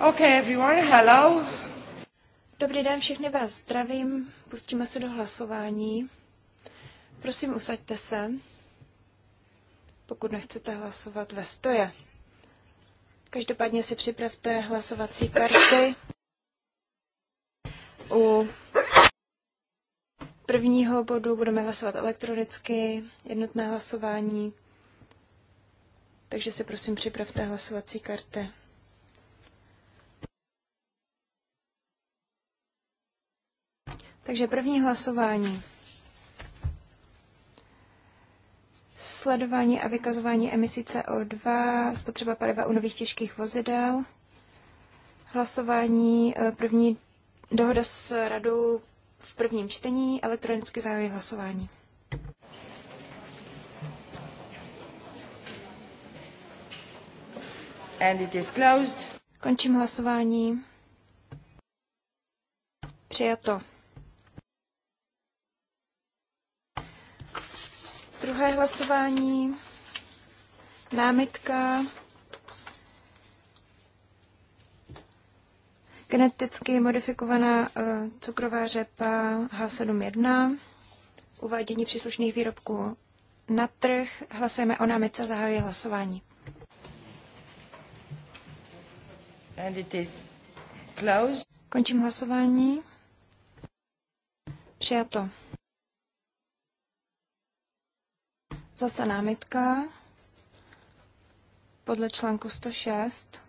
Okay, everyone, hello. Dobrý den, všechny vás zdravím. Pustíme se do hlasování. Prosím, usaďte se, pokud nechcete hlasovat ve stoje. Každopádně si připravte hlasovací karty u prvního bodu budeme hlasovat elektronicky, jednotné hlasování. Takže si prosím připravte hlasovací karty. Takže první hlasování. Sledování a vykazování emisí CO2, spotřeba paliva u nových těžkých vozidel, hlasování eh, první dohoda s radou v prvním čtení, elektronicky zahájí hlasování. And it is closed. Končím hlasování. Přijato. Druhé hlasování, námitka, geneticky modifikovaná eh, cukrová řepa H71, uvádění příslušných výrobků na trh. Hlasujeme o námitce, zahajuji hlasování. And it is closed. Končím hlasování. Přijato. Zase námitka podle článku 106.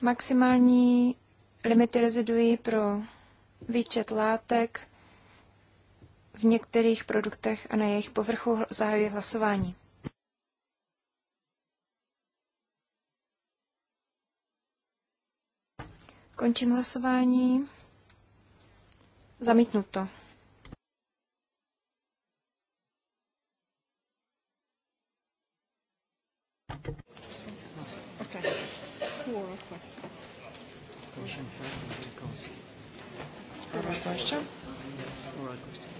Maximální limity rezidují pro výčet látek v některých produktech a na jejich povrchu zahajuje hlasování. Končím hlasování. Zamítnuto. Okay. Four questions. Question first and then council. question? Yes, oral question.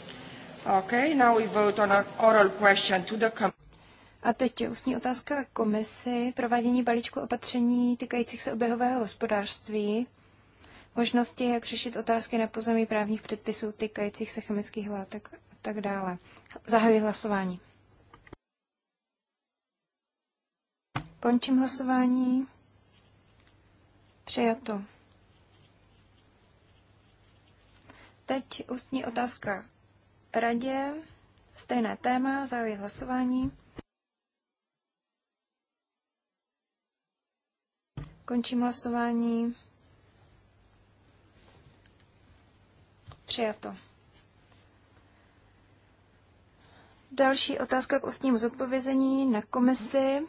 Okay, now we vote on an oral question to the com- a teď je ústní otázka komisi. Provádění balíčku opatření týkajících se oběhového hospodářství. Možnosti, jak řešit otázky na pozemí právních předpisů týkajících se chemických látek a tak dále. Zahajuji hlasování. Končím hlasování. Přijato. Teď ústní otázka radě. Stejné téma, zahajuji hlasování. Končím hlasování. Přijato. Další otázka k ústnímu zodpovězení na komisi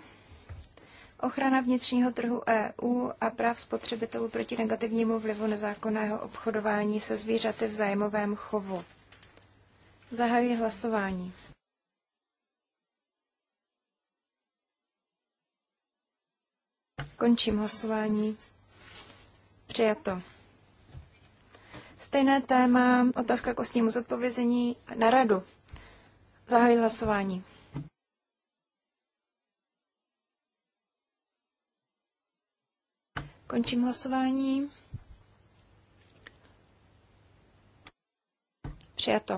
ochrana vnitřního trhu EU a práv spotřebitelů proti negativnímu vlivu nezákonného obchodování se zvířaty v zájmovém chovu. Zahajuji hlasování. Končím hlasování. Přijato. Stejné téma, otázka k ostnímu zodpovězení na radu. Zahajuji hlasování. Končím hlasování. Přijato.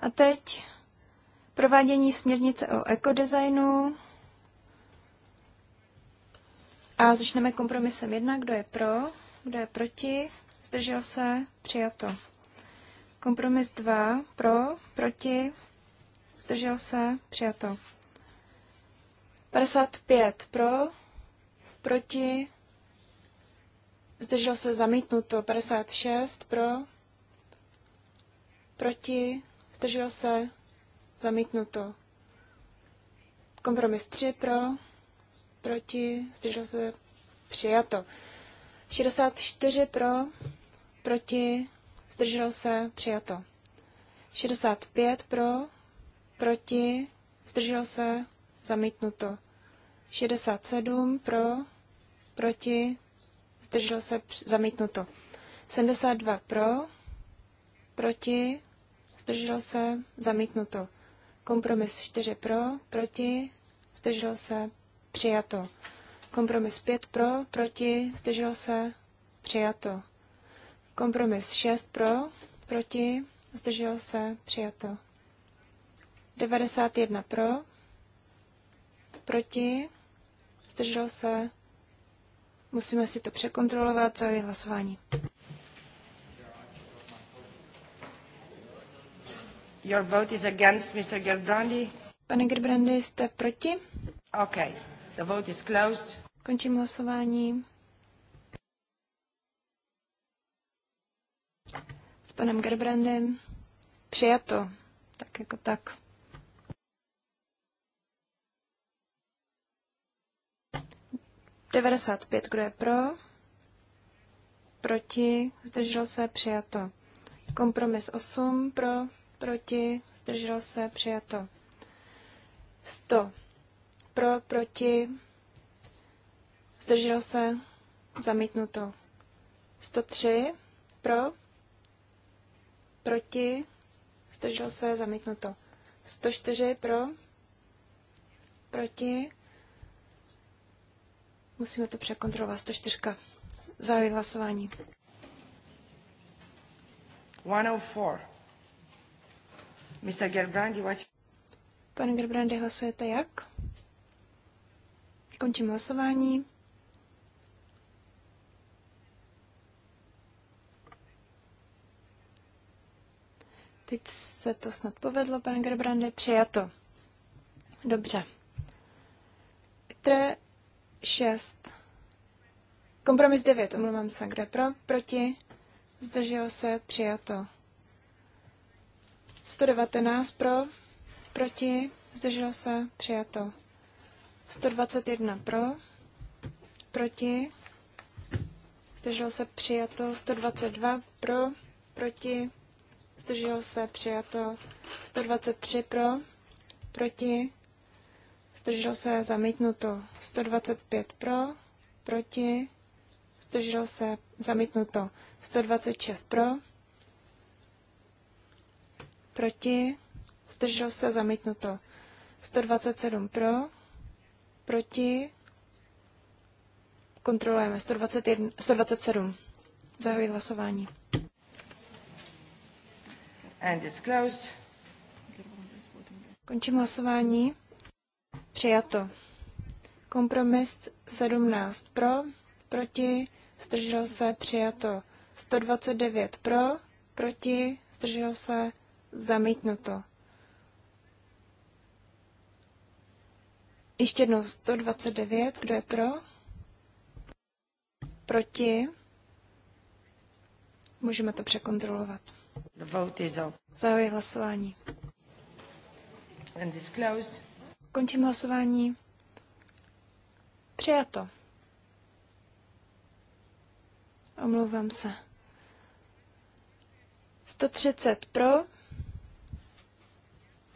A teď provádění směrnice o ekodesignu. A začneme kompromisem jedna, kdo je pro, kdo je proti, zdržel se, přijato. Kompromis 2 pro, proti, zdržel se, přijato. 55 pro, proti, zdržel se, zamítnuto. 56 pro, proti, zdržel se, zamítnuto. Kompromis 3 pro, proti, zdržel se, přijato. 64 pro, proti, zdrželo se, přijato. 65 pro, proti, zdrželo se, zamítnuto. 67 pro, proti, zdrželo se, zamítnuto. 72 pro, proti, zdrželo se, zamítnuto. Kompromis 4 pro, proti, zdrželo se, přijato. Kompromis 5 pro, proti, zdrželo se, přijato. Kompromis 6 pro, proti, zdržel se, přijato. 91 pro, proti, zdržel se. Musíme si to překontrolovat, co je hlasování. Your vote is against Mr. Gerbrandy. Pane Gerbrandy, jste proti? Okay. The vote is closed. Končím hlasování. panem Gerbrandem. Přijato. Tak jako tak. Devadesát pět, kdo je pro? Proti, zdržel se, přijato. Kompromis 8 pro, proti, zdržel se, přijato. 100 pro, proti, zdržel se, zamítnuto. 103 pro, proti, zdržel se, zamítnuto. 104 pro, proti, musíme to překontrolovat, 104. závěr hlasování. 104. Mr. Gerbrandi, what... Pane Gerbrandi, hlasujete jak? Končím hlasování. Teď se to snad povedlo, pane Gerbrande, přijato. Dobře. Tre 6. Kompromis 9, omlouvám se, kde pro, proti, zdrželo se, přijato. 119 pro, proti, zdrželo se, přijato. 121 pro, proti, zdrželo se, přijato. 122 pro, proti, zdrželo se, přijato 123 pro, proti, zdrželo se, zamítnuto 125 pro, proti, zdrželo se, zamítnuto 126 pro, proti, zdrželo se, zamítnuto 127 pro, proti, kontrolujeme 121, 127, zahajuji hlasování. And it's closed. Končím hlasování. Přijato. Kompromis 17 pro, proti, zdržel se, přijato. 129 pro, proti, zdržel se, zamítnuto. Ještě jednou 129, kdo je pro? Proti? Můžeme to překontrolovat. The vote is open. Zahajuji hlasování. And is closed. Končím hlasování. Přijato. Omlouvám se. 130 pro,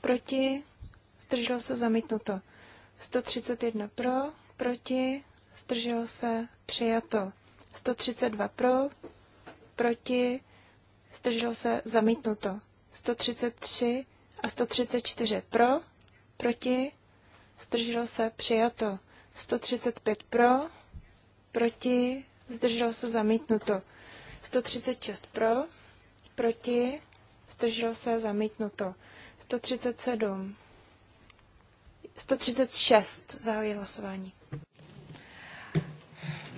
proti, zdrželo se zamítnuto. 131 pro, proti, zdrželo se přijato. 132 pro, proti, zdrželo se, zamítnuto. 133 a 134 pro, proti, zdrželo se, přijato. 135 pro, proti, zdrželo se, zamítnuto. 136 pro, proti, zdrželo se, zamítnuto. 137. 136 zahájí hlasování.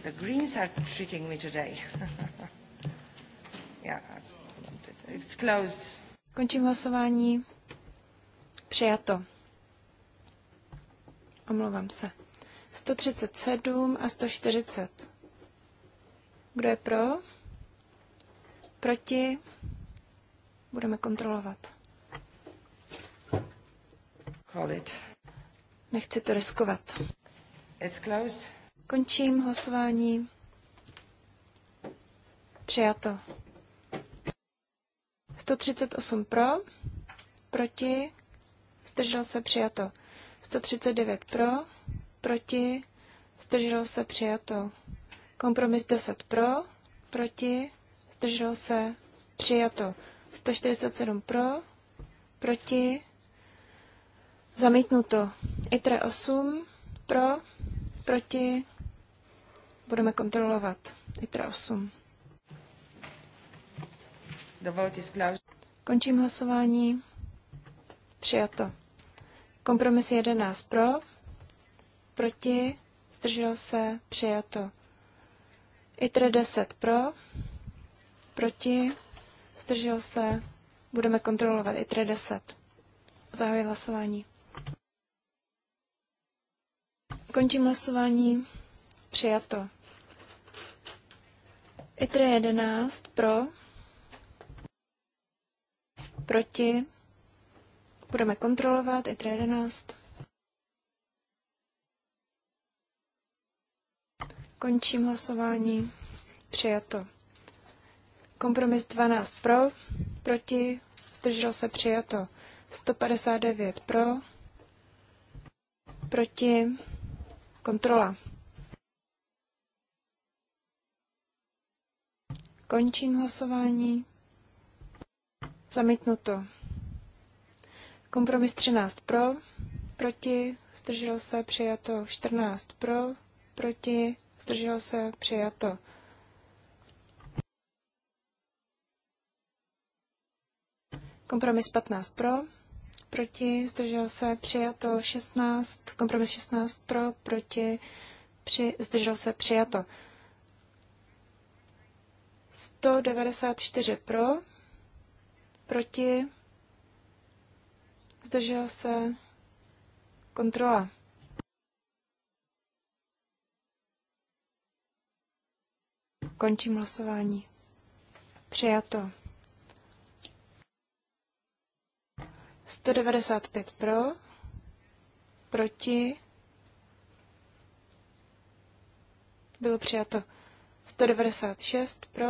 The Greens are tricking me today. Končím hlasování. Přijato. Omlouvám se. 137 a 140. Kdo je pro? Proti? Budeme kontrolovat. Call it. Nechci to riskovat. It's closed. Končím hlasování. Přijato. 138 pro, proti, zdržel se přijato. 139 pro, proti, zdržel se přijato. Kompromis 10 pro, proti, zdržel se přijato. 147 pro, proti, zamítnuto. ITRE 8 pro, proti, budeme kontrolovat. ITRE 8. Končím hlasování. Přijato. Kompromis 11 pro, proti, zdržel se, přijato. ITR 10 pro, proti, zdržel se, budeme kontrolovat ITR 10. Zahajuji hlasování. Končím hlasování. Přijato. ITR 11 pro, proti, budeme kontrolovat, i 11. Končím hlasování, přijato. Kompromis 12 pro, proti, zdržel se přijato. 159 pro, proti, kontrola. Končím hlasování. Zamítnuto. Kompromis 13 pro, proti, zdrželo se, přijato 14 pro, proti, zdrželo se, přijato. Kompromis 15 pro, proti, zdrželo se, přijato 16, kompromis 16 pro, proti, při, zdrželo se, přijato. 194 pro, Proti? Zdržel se? Kontrola. Končím hlasování. Přijato. 195 pro, proti, bylo přijato 196 pro,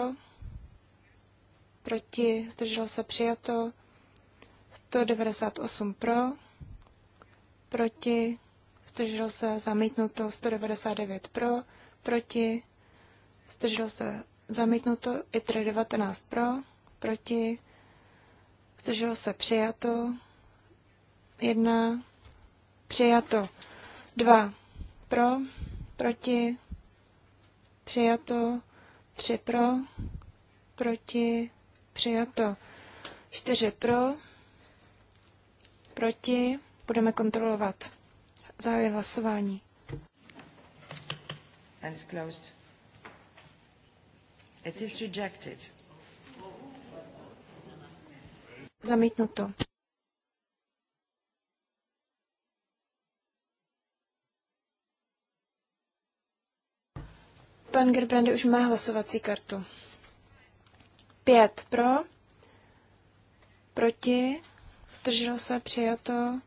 proti, zdrželo se přijato, 198 pro, proti, zdrželo se zamítnuto, 199 pro, proti, zdrželo se zamítnuto, i 19 pro, proti, zdrželo se přijato, 1, přijato, 2 pro, proti, přijato, 3 pro, proti, přijato. Čtyři pro, proti, budeme kontrolovat. Zahajuji hlasování. And it's closed. It is rejected. Zamítnuto. Pan Gerbrandy už má hlasovací kartu. 5 pro, proti, zdržel se přijato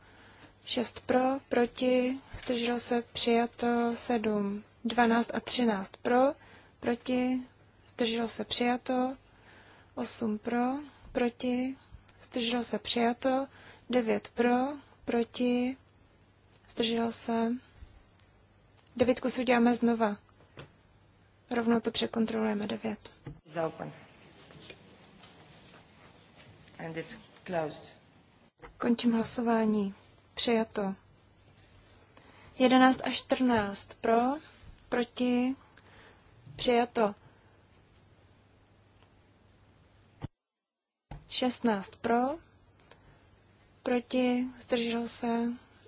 6 pro, proti, zdržel se přijato 7, 12 a 13 pro, proti, zdržel se přijato 8 pro, proti, zdržel se přijato 9 pro, proti, zdržel se. Devět kusů uděláme znova. Rovnou to překontrolujeme devět. Zaopen. And it's closed. Končím hlasování. Přijato. 11 až 14 pro, proti, přijato. 16 pro, proti, zdržel se,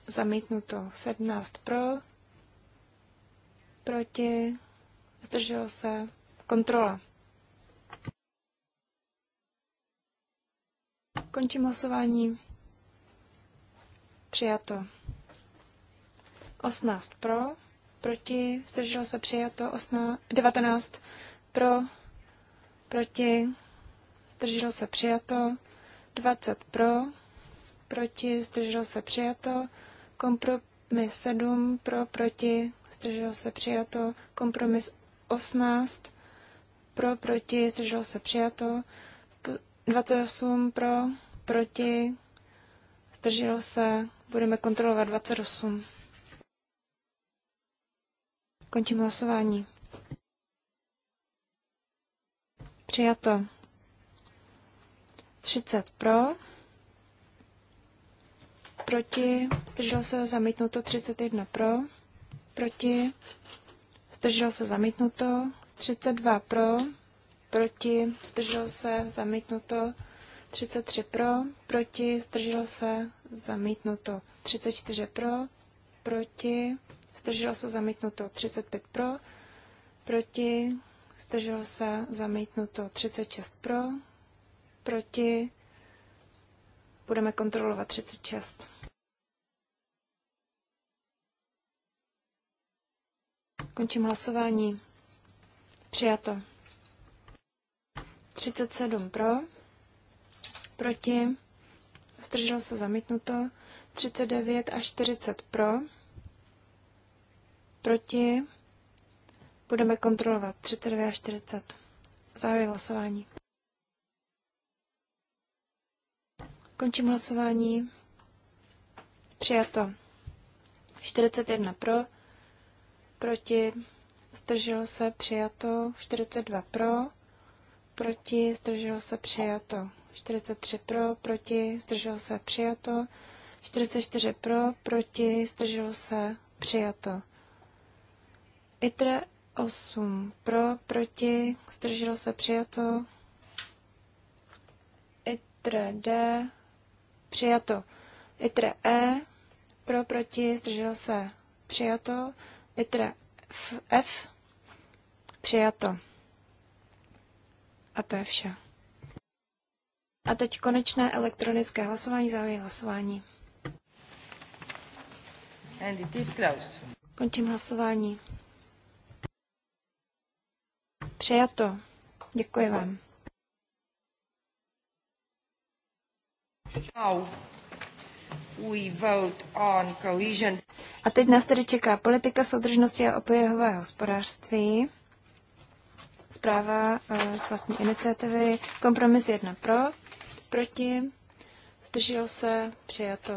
zamítnuto. 17 pro, proti, zdržel se, kontrola. Končím hlasování. Přijato. 18 pro, proti, zdrželo se přijato, 18, 19 pro, proti, zdrželo se přijato, 20 pro, proti, zdrželo se přijato, kompromis 7 pro, proti, zdrželo se přijato, kompromis 18 pro, proti, zdrželo se přijato, 28 pro, proti, zdrželo se, budeme kontrolovat 28. Končím hlasování. Přijato. 30 pro, proti, zdrželo se, zamítnuto 31 pro, proti, zdrželo se, zamítnuto 32 pro, proti, zdrželo se, zamítnuto. 33 pro, proti, zdrželo se, zamítnuto. 34 pro, proti, zdrželo se, zamítnuto. 35 pro, proti, zdrželo se, zamítnuto. 36 pro, proti, budeme kontrolovat 36. Končím hlasování. Přijato. 37 pro, proti, zdrželo se zamítnuto, 39 a 40 pro, proti, budeme kontrolovat 32 a 40. Zahajuji hlasování. Končím hlasování. Přijato. 41 pro, proti, zdrželo se, přijato, 42 pro, proti, zdrželo se přijato. 43 pro, proti, zdrželo se přijato. 44 pro, proti, zdrželo se přijato. ITRE 8 pro, proti, zdrželo se přijato. ITRE D přijato. ITRE E pro, proti, zdrželo se přijato. ITRE F, F přijato. A to je vše. A teď konečné elektronické hlasování, zahajuji hlasování. And it is closed. Končím hlasování. Přejato. Děkuji vám. Now we vote on cohesion. A teď nás tedy čeká politika soudržnosti a opojového hospodářství. Zpráva eh, z vlastní iniciativy. Kompromis jedna pro, proti, zdržel se, přijato.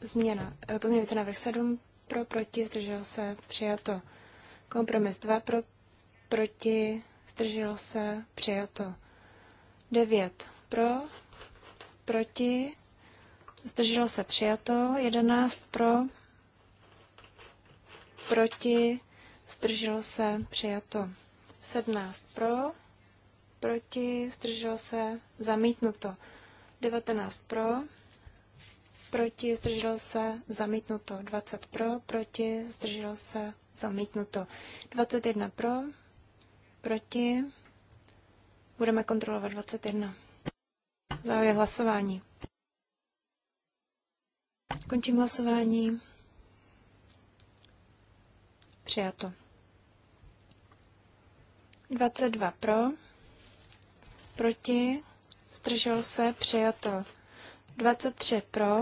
Změna. Eh, Pozměňující návrh 7 pro, proti, zdržel se, přijato. Kompromis 2 pro, proti, zdržel se, přijato. 9 pro, proti, zdrželo se přijato, 11 pro, proti, zdrželo se přijato. 17 pro, proti, zdržel se, zamítnuto. 19 pro, proti, zdržel se, zamítnuto. 20 pro, proti, zdržel se, zamítnuto. 21 pro, proti, budeme kontrolovat 21. Zahajuji hlasování. Končím hlasování. Přijato. 22 pro, proti, zdržel se, přijato. 23 pro,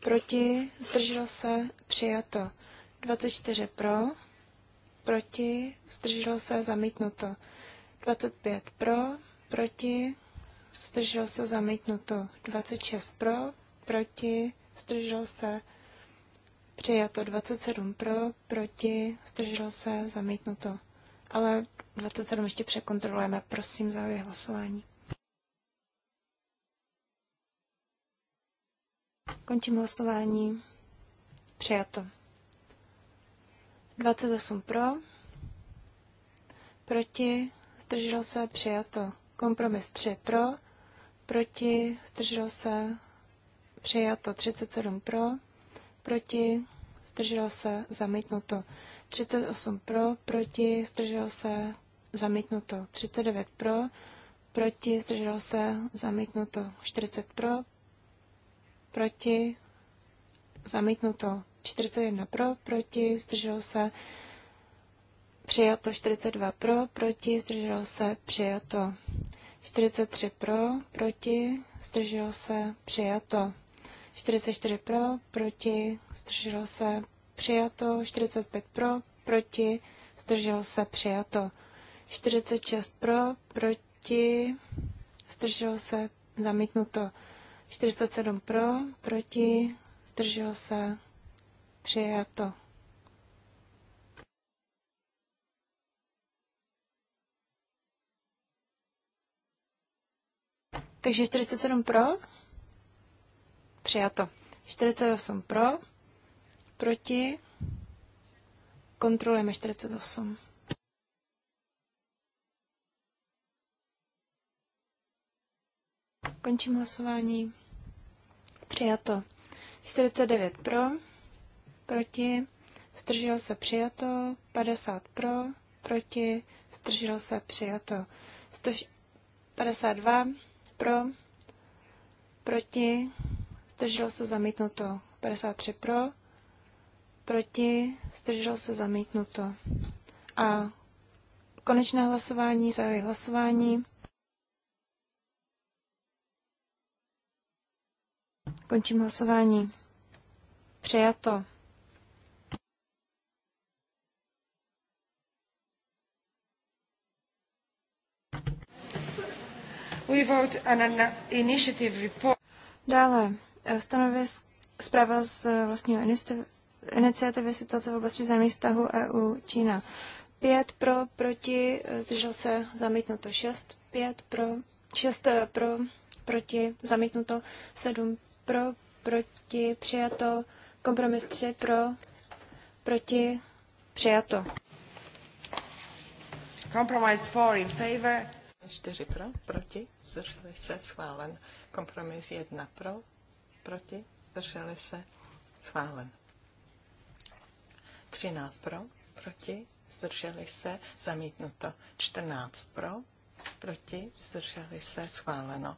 proti, zdržel se, přijato. 24 pro, proti, zdržel se, zamítnuto. 25 pro, proti, zdržel se, zamítnuto. 26 pro, proti, zdržel se, přijato. 27 pro, proti, zdržel se, zamítnuto ale 27 ještě překontrolujeme. Prosím, zahajuji hlasování. Končím hlasování. Přijato. 28 pro, proti, zdržel se, přijato. Kompromis 3 pro, proti, zdržel se, přijato. 37 pro, proti, zdržel se, zamítnuto. 38 pro, proti, zdržel se, zamítnuto. 39 pro, proti, zdržel se, zamítnuto. 40 pro, proti, zamítnuto. 41 pro, proti, zdržel se, přijato. 42 pro, proti, zdržel se, přijato. 43 pro, proti, zdržel se, přijato. 44 pro, proti, zdržel se, přijato, 45 pro, proti, zdržel se, přijato. 46 pro, proti, zdržel se, zamítnuto. 47 pro, proti, zdržel se, přijato. Takže 47 pro, přijato. 48 pro, Proti? Kontrolujeme 48. Končím hlasování. Přijato. 49 pro, proti, zdrželo se přijato, 50 pro, proti, zdrželo se přijato, 152 pro, proti, zdrželo se zamítnuto, 53 pro, proti, zdržel se zamítnuto. A konečné hlasování, zahajuji hlasování. Končím hlasování. Přijato. We vote on an initiative report. Dále, eh, stanovis, zpráva z eh, vlastního iniciativy situace v oblasti zemních vztahů EU Čína. Pět pro, proti, zdržel se zamítnuto šest pět pro, šest eh, pro, proti, zamítnuto sedm pro, proti, přijato, kompromis tři pro, proti, přijato. Compromise four in favor. čtyři pro, proti, zdrželi se, schválen. Kompromis jedna pro, proti, zdrželi se, schválen. 13 pro, proti, zdrželi se, zamítnuto. 14 pro, proti, zdrželi se, schváleno.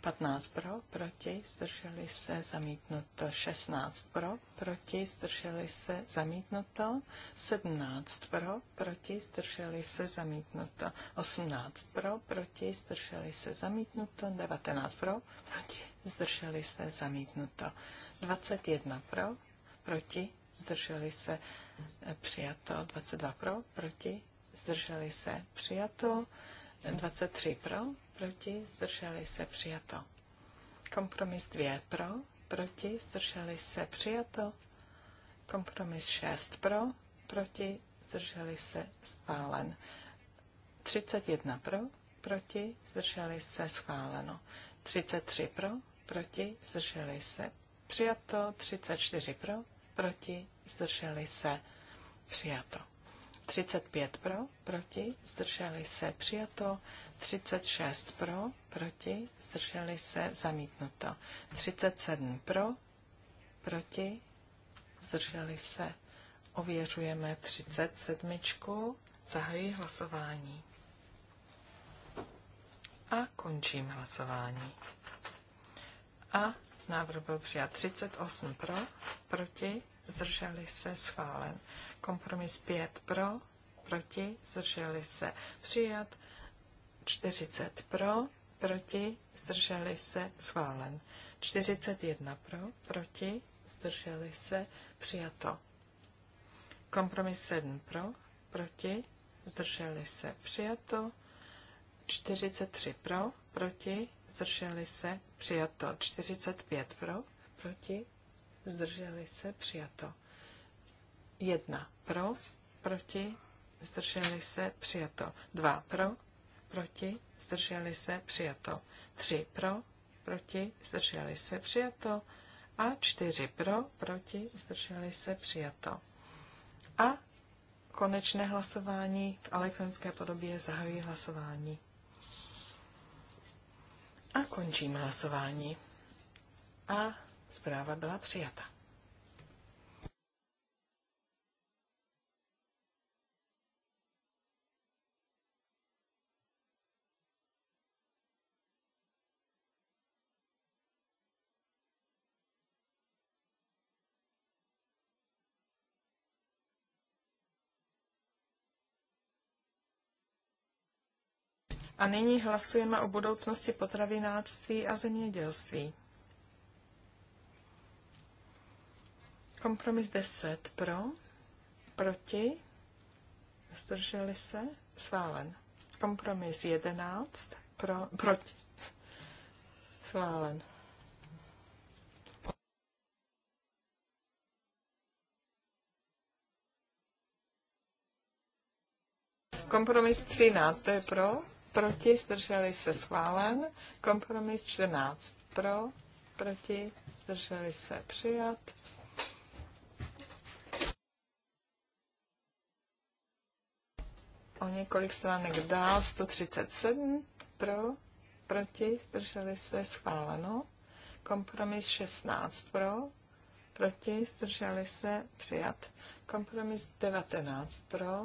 15 pro, proti, zdrželi se, zamítnuto. 16 pro, proti, zdrželi se, zamítnuto. 17 pro, proti, zdrželi se, zamítnuto. 18 pro, proti, zdrželi se, zamítnuto. 19 pro, proti, zdrželi se, zamítnuto. 21 pro, proti, zdrželi se, zamítnuto přijato, 22 pro, proti, zdrželi se, přijato, 23 pro, proti, zdrželi se, přijato. Kompromis 2 pro, proti, zdrželi se, přijato. Kompromis 6 pro, proti, zdrželi se, schválen. 31 pro, proti, zdrželi se, schváleno. 33 pro, proti, zdrželi se, přijato. 34 pro, proti, zdrželi se, přijato. 35 pro, proti, zdrželi se, přijato. 36 pro, proti, zdrželi se, zamítnuto. 37 pro, proti, zdrželi se. Ověřujeme 37. Zahají hlasování. A končím hlasování. A Návrh byl přijat 38 pro, proti, zdrželi se, schválen. Kompromis 5 pro, proti, zdrželi se, přijat. 40 pro, proti, zdrželi se, schválen. 41 pro, proti, zdrželi se, přijato. Kompromis 7 pro, proti, zdrželi se, přijato. 43 pro, proti, zdrželi se, přijato. 45 pro, proti, zdrželi se, přijato. 1 pro, proti, zdrželi se, přijato. 2 pro, proti, zdrželi se, přijato. 3 pro, proti, zdrželi se, přijato. A 4 pro, proti, zdrželi se, přijato. A konečné hlasování v elektronické podobě zahájí hlasování. A končím hlasování. A zpráva byla přijata. A nyní hlasujeme o budoucnosti potravináctví a zemědělství. Kompromis 10 pro, proti, zdrželi se, schválen. Kompromis 11 pro, proti, schválen. Kompromis 13, to je pro, proti, zdrželi se schválen. Kompromis 14 pro, proti, zdrželi se přijat. O několik stránek dál, 137 pro, proti, zdrželi se schváleno. Kompromis 16 pro, proti, zdrželi se přijat. Kompromis 19 pro,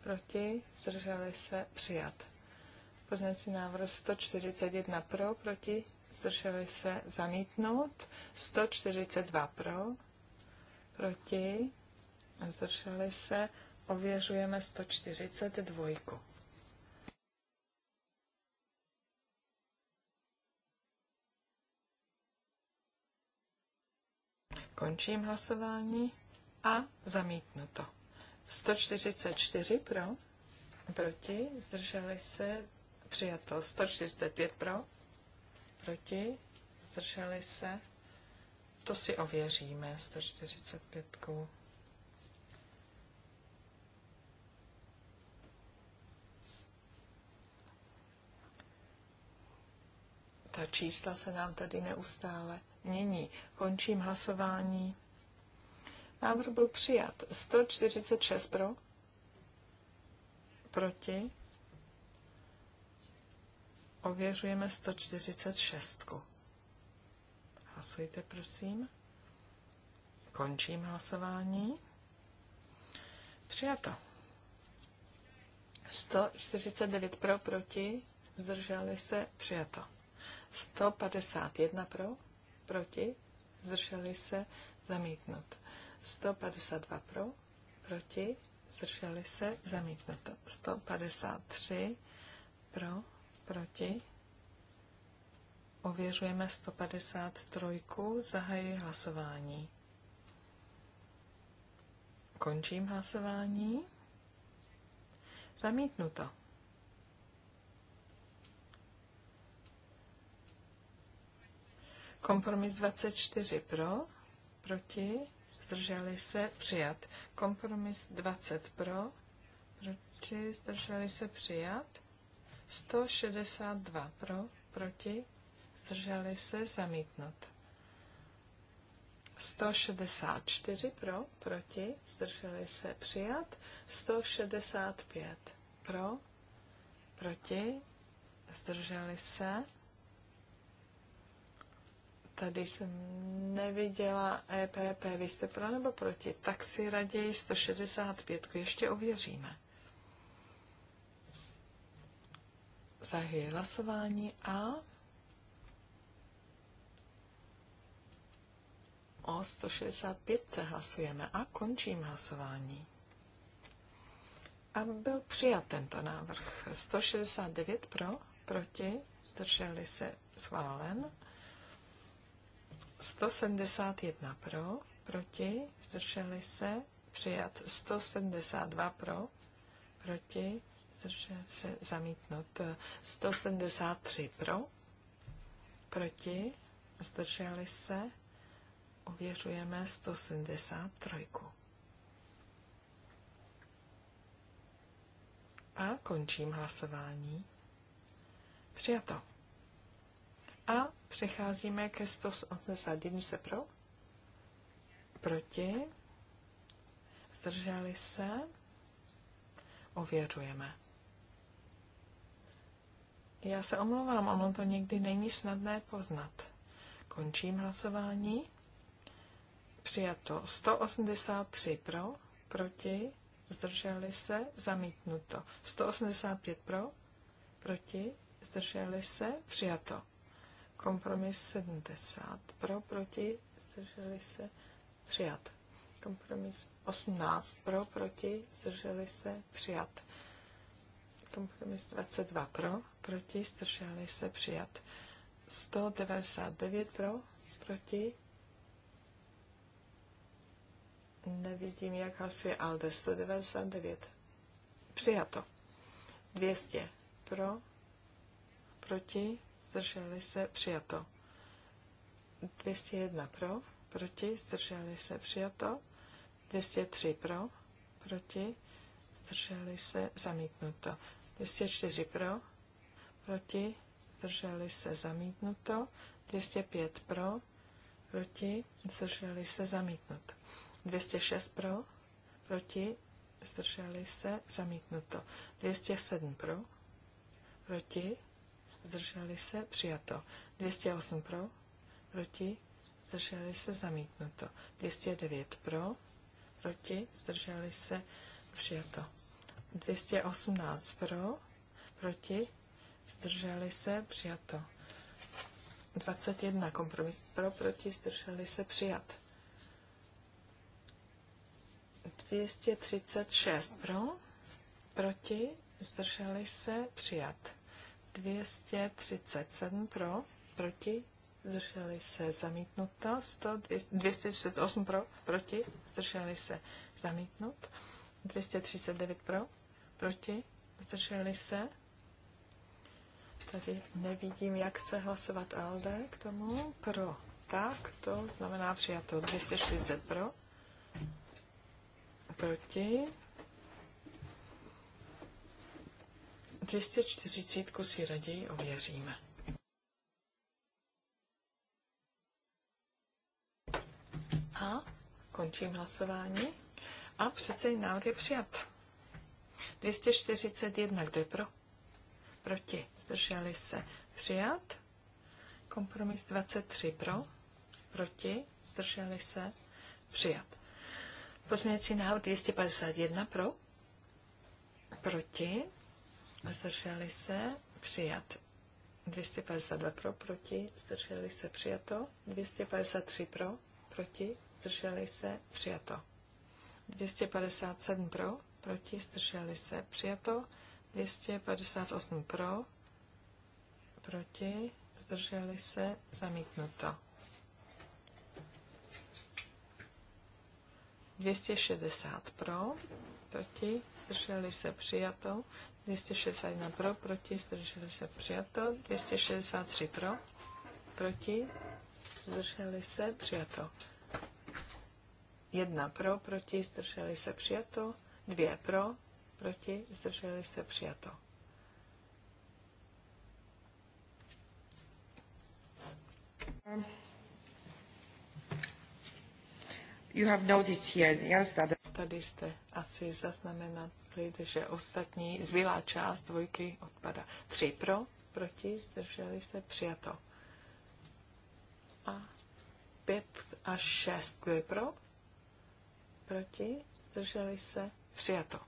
proti, zdrželi se přijat. Poznací návrh 141 pro, proti, zdrželi se zamítnout. 142 pro, proti, a zdrželi se, ověřujeme 142. Končím hlasování a zamítnuto. 144 pro, proti, zdrželi se, Přijato 145 pro, proti, zdrželi se. To si ověříme, 145. Ta čísla se nám tady neustále mění. Končím hlasování. Návrh byl přijat. 146 pro, proti, Ověřujeme 146. Hlasujte, prosím. Končím hlasování. Přijato. 149 pro, proti, zdrželi se, přijato. 151 pro, proti, zdrželi se, zamítnut. 152 pro, proti, zdrželi se, Zamítnut. 153 pro, proti. Ověřujeme 153. Zahajuji hlasování. Končím hlasování. Zamítnuto. Kompromis 24 pro, proti, zdrželi se, přijat. Kompromis 20 pro, proti, zdrželi se, přijat. 162 pro, proti, zdrželi se, zamítnut. 164 pro, proti, zdrželi se, přijat. 165 pro, proti, zdrželi se. Tady jsem neviděla EPP, vy jste pro nebo proti, tak si raději 165 ještě ověříme. Zahajuji hlasování a o 165 se hlasujeme a končím hlasování. A byl přijat tento návrh. 169 pro, proti, zdrželi se schválen. 171 pro, proti, zdrželi se, přijat 172 pro, proti, zdržet se zamítnout. 173 pro, proti, zdrželi se, ověřujeme 173. A končím hlasování. Přijato. A přecházíme ke 181 se pro, proti, zdrželi se, ověřujeme. Já se omlouvám, ono to někdy není snadné poznat. Končím hlasování. Přijato 183 pro, proti, zdrželi se, zamítnuto. 185 pro, proti, zdrželi se, přijato. Kompromis 70 pro, proti, zdrželi se, přijat. Kompromis 18 pro, proti, zdrželi se, přijat. Kompromis 22 pro, proti, zdrželi se přijat. 199 pro, proti. Nevidím, jak hlasuje Alde. 199. Přijato. 200 pro, proti, zdrželi se přijato. 201 pro, proti, zdrželi se přijato. 203 pro, proti, zdrželi se zamítnuto. 204 pro, proti, zdrželi se zamítnuto, 205 pro, proti, zdrželi se zamítnuto, 206 pro, proti, zdrželi se zamítnuto, 207 pro, proti, zdrželi se přijato, 208 pro, proti, zdrželi se zamítnuto, 209 pro, proti, zdrželi se přijato. 218 pro, proti, zdrželi se, přijato. 21 kompromis pro, proti, zdrželi se, přijat. 236 pro, proti, zdrželi se, přijat. 237 pro, proti, zdrželi se, zamítnuto. 100, 238 pro, proti, zdrželi se, zamítnut. 239 pro, proti, zdrželi se. Tady nevidím, jak chce hlasovat Alde k tomu. Pro, tak, to znamená přijato 240 pro, proti. 240 si raději ověříme. A končím hlasování. A přece návrh je přijat. 241, kdo je pro? Proti. Zdrželi se. Přijat. Kompromis 23 pro. Proti. Zdrželi se. Přijat. Pozměňovací návrh 251 pro. Proti. Zdrželi se. Přijat. 252 pro, proti, zdrželi se, přijato. 253 pro, proti, zdrželi se, přijato. 257 pro, proti, zdrželi se, přijato. 258 pro, proti, zdrželi se, zamítnuto. 260 pro, proti, zdrželi se, přijato. 261 pro, proti, zdrželi se, přijato. 263 pro, proti, zdrželi se, přijato. Jedna pro, proti, zdrželi se přijato. Dvě pro, proti, zdrželi se přijato. You have noticed here, yes, that... Tady jste asi zaznamenali, že ostatní zbylá část dvojky odpada. Tři pro, proti, zdrželi se přijato. A pět až šest byly pro, proti, zdrželi se, přijato.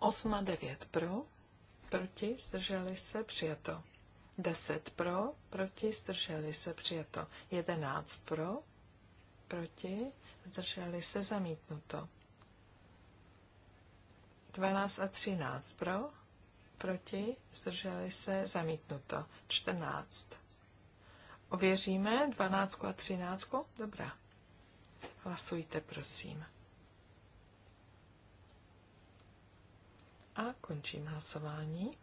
Osma devět pro, proti, zdrželi se, přijato. Deset pro, proti, zdrželi se, přijato. Jedenáct pro, proti, zdrželi se, zamítnuto. Dvanáct a třináct pro, proti, zdrželi se, zamítnuto. 14 Ověříme 12 a 13. Dobrá. Hlasujte, prosím. A končím hlasování.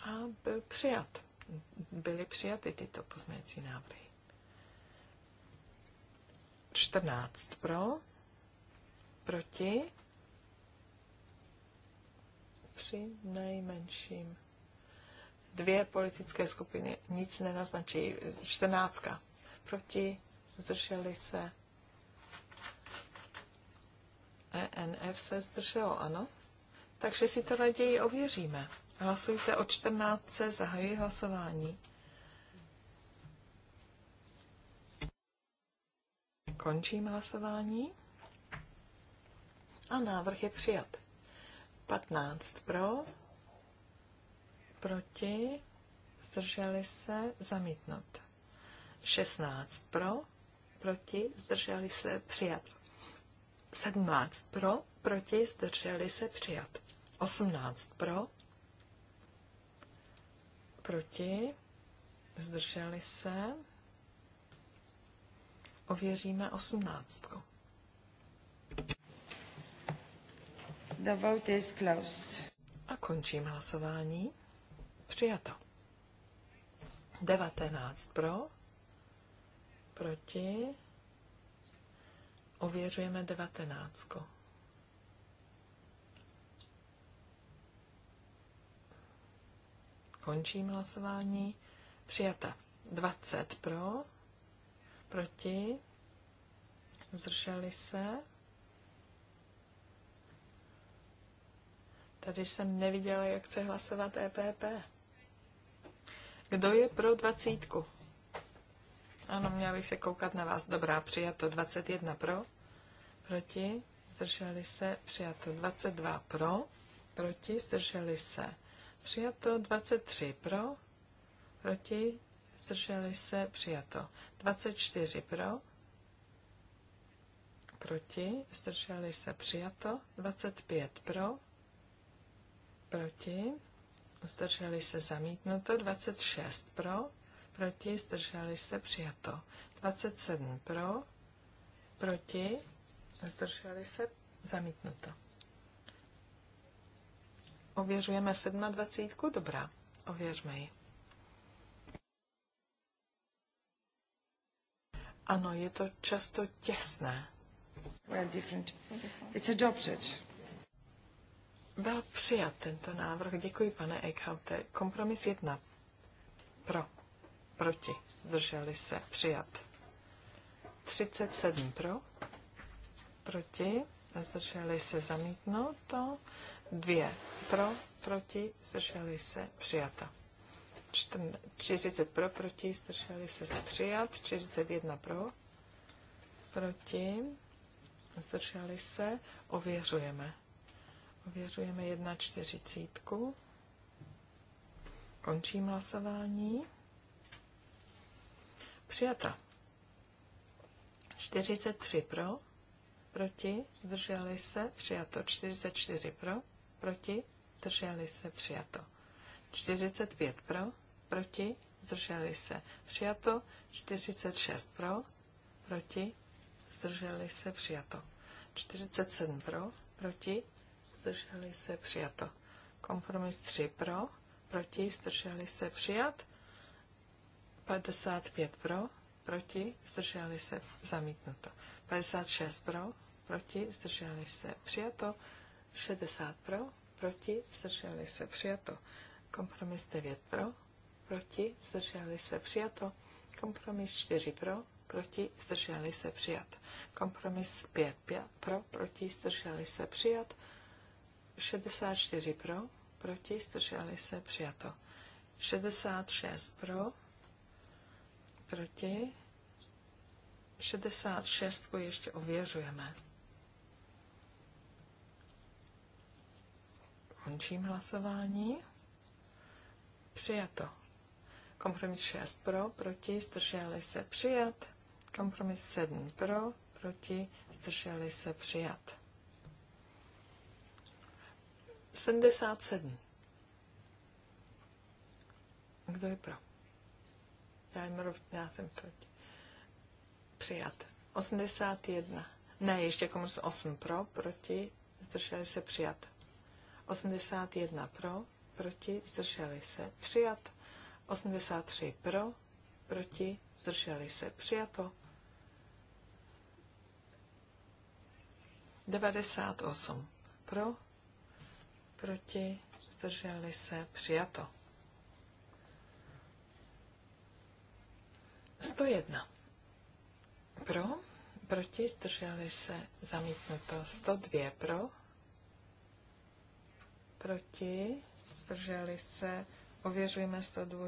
A byl přijat. Byly přijaty tyto pozměnící návrhy. 14 pro, proti, při nejmenším Dvě politické skupiny nic nenaznačí. Čtrnáctka. Proti zdrželi se. ENF se zdrželo, ano. Takže si to raději ověříme. Hlasujte o 14. Zahajuji hlasování. Končím hlasování. A návrh je přijat. 15 pro, proti, zdrželi se, zamítnout. 16 pro, proti, zdrželi se, přijat. 17 pro, proti, zdrželi se, přijat. 18 pro, proti, zdrželi se, ověříme 18. The vote is closed. A končím hlasování. Přijato. 19 pro, proti, ověřujeme 19. Končím hlasování. Přijata 20 pro, proti, zdrželi se. Tady jsem neviděla, jak se hlasovat EPP. Kdo je pro dvacítku? Ano, měla bych se koukat na vás. Dobrá, přijato 21 pro, proti, zdrželi se, přijato 22 pro, proti, zdrželi se, přijato 23 pro, proti, zdrželi se, přijato 24 pro, proti, zdrželi se, přijato 25 pro, proti, zdrželi se zamítnuto, 26 pro, proti, zdrželi se přijato, 27 pro, proti, zdrželi se zamítnuto. Ověřujeme 27, dobrá, ověřme ji. Ano, je to často těsné. Well, different. It's adopted. Byl přijat tento návrh. Děkuji, pane Eichhaute. Kompromis jedna Pro. Proti. Zdrželi se. Přijat. 37 pro. Proti. Zdrželi se zamítnuto. Dvě. pro. Proti. Zdrželi se. Přijata. 40 pro. Proti. Zdrželi se. Přijat. 41 pro. Proti. Zdrželi se. Ověřujeme. Ověřujeme 1,40. Končím hlasování. Přijata. 43 pro, proti, drželi se, přijato. 44 pro, proti, drželi se, přijato. 45 pro, proti, zdrželi se. Přijato 46 pro, proti, zdrželi se přijato. 47 pro, proti, zdrželi se přijato. Kompromis 3 pro, proti, zdrželi se přijat. 55 pro, proti, zdrželi se zamítnuto. 56 pro, proti, zdrželi se přijato. 60 pro, proti, zdrželi se přijato. Kompromis 9 pro, proti, zdrželi se přijato. Kompromis 4 pro, proti, zdrželi se přijat. Kompromis 5, 5 pro, proti, zdrželi se přijat. 64 pro, proti, zdrželi se, přijato. 66 pro, proti, 66 ještě ověřujeme. Končím hlasování. Přijato. Kompromis 6 pro, proti, zdrželi se, přijat. Kompromis 7 pro, proti, zdrželi se, přijat. 77. Kdo je pro? Já, jim Já jsem proti. Přijat. 81. Ne, ještě komu 8 pro, proti, zdrželi se přijat. 81 pro, proti, zdrželi se přijat. 83 pro, proti, zdrželi se přijato. 98 pro, proti, zdrželi se, přijato. 101. Pro, proti, zdrželi se, zamítnuto. 102 pro, proti, zdrželi se, ověřujeme 102.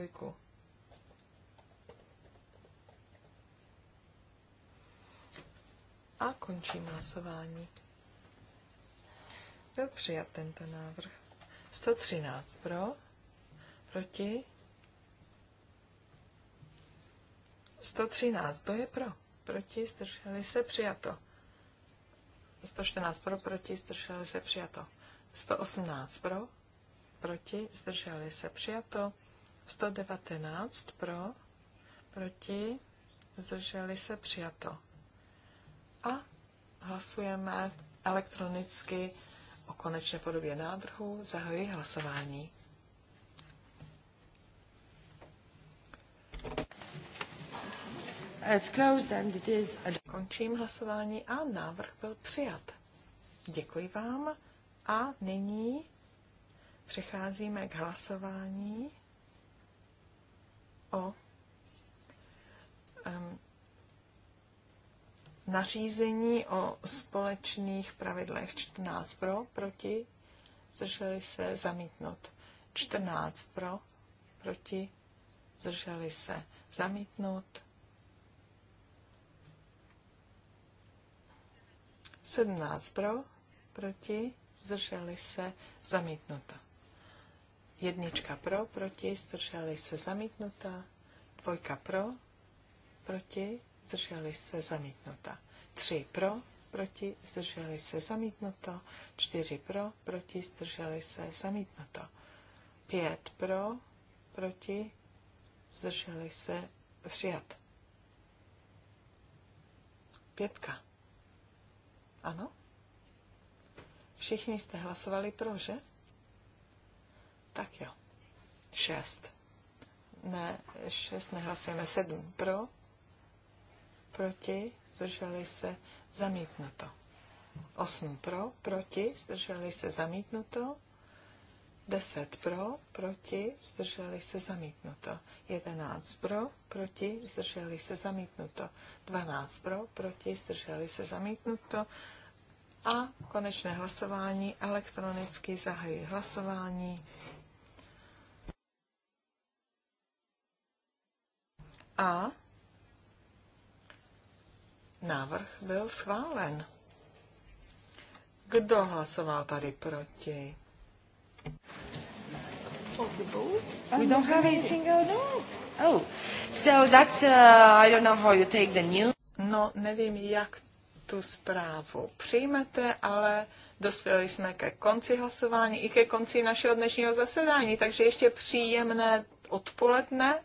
A končím hlasování. Byl přijat tento návrh. 113 pro, proti. 113, to je pro, proti, zdrželi se, přijato. 114 pro, proti, zdrželi se, přijato. 118 pro, proti, zdrželi se, přijato. 119 pro, proti, zdrželi se, přijato. A hlasujeme elektronicky o konečné podobě návrhu. Zahajuji hlasování. It's closed and it is... Končím hlasování a návrh byl přijat. Děkuji vám a nyní přecházíme k hlasování o um, nařízení o společných pravidlech 14 pro, proti, zdrželi se zamítnout. 14 pro, proti, zdrželi se zamítnout. 17 pro, proti, zdrželi se zamítnuta. Jednička pro, proti, zdrželi se zamítnuta. Dvojka pro, proti, zdrželi se zamítnuta. tři pro, proti, zdrželi se zamítnuto. čtyři pro, proti, zdrželi se zamítnuto. pět pro, proti, zdrželi se přijat. Pětka. Ano? Všichni jste hlasovali pro, že? Tak jo. Šest. Ne, šest nehlasujeme. Sedm pro, proti, zdrželi se, zamítnuto. 8 pro, proti, zdrželi se, zamítnuto. 10 pro, proti, zdrželi se, zamítnuto. 11 pro, proti, zdrželi se, zamítnuto. 12 pro, proti, zdrželi se, zamítnuto. A konečné hlasování elektronicky zahajuji hlasování. A Návrh byl schválen. Kdo hlasoval tady proti? Oh, so that's uh, I don't know how you take the news. No, nevím, jak tu zprávu přijmete, ale dospěli jsme ke konci hlasování i ke konci našeho dnešního zasedání, takže ještě příjemné odpoledne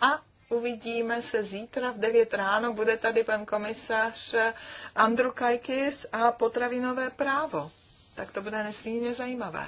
a Uvidíme se zítra v 9 ráno. Bude tady pan komisař Andrew Kajkis a potravinové právo. Tak to bude nesmírně zajímavé.